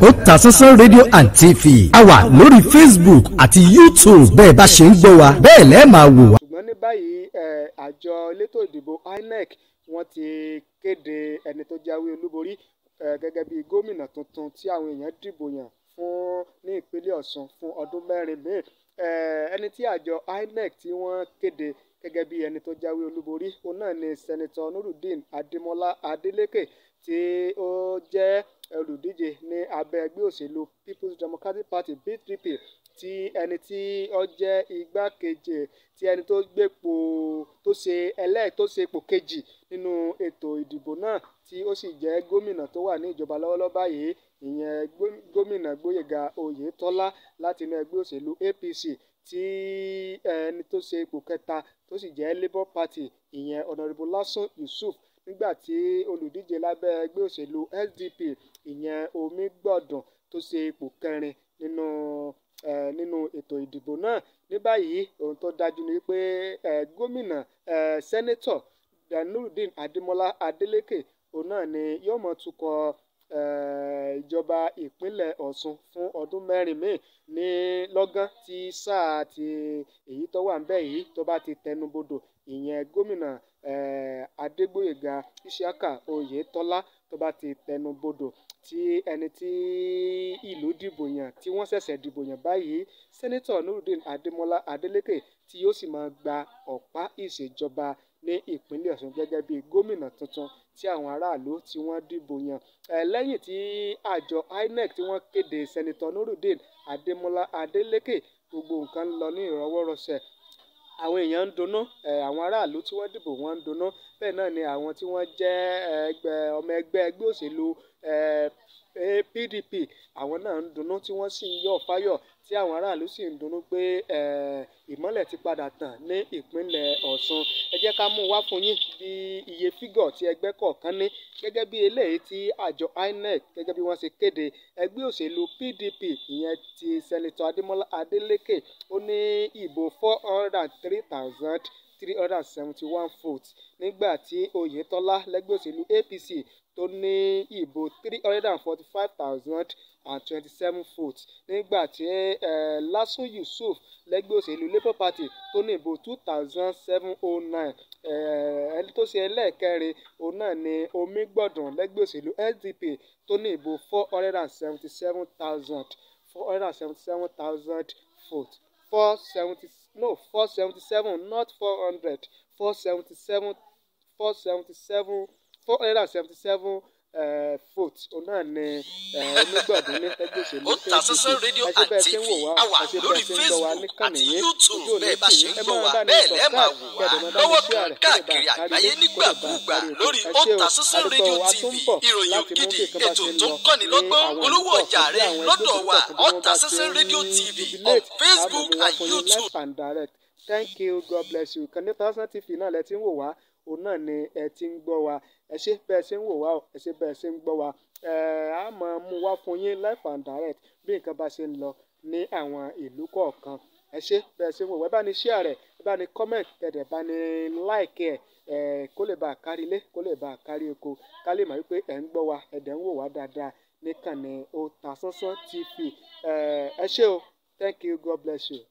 Otasansan rédíò and TV a wà lórí Facebook àti YouTube bẹ́ẹ̀ bá ṣe ń gbọ́ wa bẹ́ẹ̀ lẹ́ẹ̀ máa wò wá. ṣùgbọ́n ní báyìí àjọ elétò ìdìbò INEC wọ́n ti kéde ẹni tó jáwé olúborí gẹ́gẹ́ bí gómìnà tuntun tí àwọn èèyàn dìbò yàn fún ní ìpínlẹ̀ Ọ̀ṣun fún ọdún mẹ́rin míì ẹni tí àjọ INEC tí wọ́n kéde gẹ́gẹ́ bí ẹni tó jáwé olúborí òun náà ni sẹ́nitọ́ Nurudeen Adémọ́lá Adélékè tí ó jẹ́ olùdíje abẹ́ ẹgbẹ́ òṣèlú People's Democratic Party (PDP) tí ẹni tí ó jẹ́ igbákejì ti ẹni tó gbépò tó ṣe ẹlẹ́ tó ṣe ipò kejì nínú ètò ìdìbò náà tí ó sì jẹ́ gómìnà tó wà ní ìjọba lọ́wọ́lọ́wọ́ báyìí ìyẹn gómìnà Gbóyèga Oyètọ́lá láti inú ẹgbẹ́ òṣèlú APC tí ẹni tó ṣe ipò kẹta tó sì jẹ́ Labour Party ìyẹn Honourable Lasun Yusuf nígbà tí olùdíje lábẹ́ ẹgbẹ́ òṣèlú SDP ìyẹn Omigbọ̀dùn tó ṣe ipò kẹrin nínú nínú ètò ìdìbò náà ní báyìí ohun tó dájú ni pé gómìnà sẹ́nẹ́tọ̀ Nurudeen Adémọ́lá Adeleke òun náà ni yóò mọ̀ tukọ̀ ìjọba ìpínlẹ̀ Ọ̀ṣun fún ọdún mẹ́rin míì ní lọ́gán tí sáà ti èyí tó wà ńbẹ̀ yìí tó bá ti tẹnubodò ìyẹn gómìnà eh, Adégbóyèga Isiaka Oyètọ́lá tó bá ti tẹnubodò tí ẹni tí ìlú dìbò yàn tí wọ́n ṣẹ̀ṣẹ̀ dìbò yàn báyìí sẹ́nẹ́tọ̀ Nurudeen Adémọ́lá Adélékè tí yóò sì máa gba ọ̀pá ìṣèjọba ní ìpínlẹ̀ Ọ̀ṣun gẹ́gẹ́ bí gómìnà tuntun tí àwọn aráàlú tí wọ́n dìbò yàn lẹ́yìn tí àjọ INEC tí wọ́n kéde sẹ́nitọ́ Nurudeen Adémọ́lá Adeleke gbogbo nǹkan ń lọ ní ìrọwọ́rọsẹ̀ àwọn èèyàn ń dunnú àwọn aráàlú tí wọ́n dìbò wọ́n ń dunnú bẹ́ẹ̀ náà ni àwọn tí wọ́n jẹ́ ọmọ ẹgbẹ́ ẹgbẹ́ òṣèlú PDP àwọn náà ń dunnú tí wọ́n sì ń yọ̀ fáyọ̀ tí àwọn aráàlú sì ń dunnú pé ìmọ́lẹ̀ ti padà tàn ní ìpínlẹ̀ Ọ̀ṣun ẹ jẹ́ ká mú wá fún yín bí iye fígọ̀ tí ẹgbẹ́ kọ̀ọ̀kan ní gẹ́gẹ́ bí eléyìí tí àjọ INEC gẹ́gẹ́ bí wọ́n ṣe kéde ẹgbẹ́ òṣèlú PDP ìyẹn ti sẹ́nitọ́ Adémọ́lá Adélékè ó ní ìbò four hundred and three thousand three hundred and seventy one votes nígbà tí Oyètọ́lá lẹ́gbẹ́ òṣèlú APC tó ní ìbò three hundred and forty five thousand and twenty seven votes nígbà tí Lásun Yusuf lẹ́gbẹ́ òṣèlú Labour Party tó ní ìbò two thousand seven oh nine ẹni tó ṣe ẹlẹ́ẹ̀kẹrin òun náà ni Omigbọ̀dàn lẹ́gbẹ́ òṣèlú SDP tó ní ìbò four hundred and seventy seven thousand four hundred and seventy seven thousand votes four seventy no four seventy seven not four hundred four seventy seven four seventy seven four seventy seven vote eh, òun náà ni eh, onígbàdún ní ẹgbẹ́ òṣèlú pdp ẹṣẹ́ bẹ́ẹ̀ ṣe ń wò wá ẹṣẹ́ bẹ́ẹ̀ ṣe ń lọ wá ní kànìyí ojú ò ní tì máa bá ní lọ́wọ́ kan káàkiri àgbáyé nígbàkúgbà lórí Otasansan rédíò TV ìròyìn ògidì ètò tó ń kọ́ni lọ́gbọ́n olówó ọjà rẹ̀ lọ́dọ̀ wa Otasansan rédíò TV on Facebook and YouTube. Thank you, God bless you. Kànnì Otasansan TV náà lẹ ti ń wò wá òun náà ni ẹ ti ń gbọ́ wa ẹ ṣé bẹ́ẹ̀ ṣe ń wò wá o ẹ ṣé bẹ́ẹ̀ ṣe ń gbọ́ wa ẹ á mọ̀ mú wá fún yín life and direct bí nǹkan bá ṣe ń lọ ní àwọn ìlú kọ̀ọ̀kan ẹ ṣé bẹ́ẹ̀ ṣe ń wò wá ẹ bá ní share rẹ̀ ẹ bá ní comment kẹ̀dẹ̀ bá ní like ẹ̀ ẹ̀ kó lè bá a kárí ilé kó lè bá a kárí oko ká lè mọ̀ wípé ẹ̀ ń gbọ́ wa ẹ̀dẹ̀ ń wò wá dáadáa nìkan ni Otasansan TV ẹ ṣé o thank you god bless you.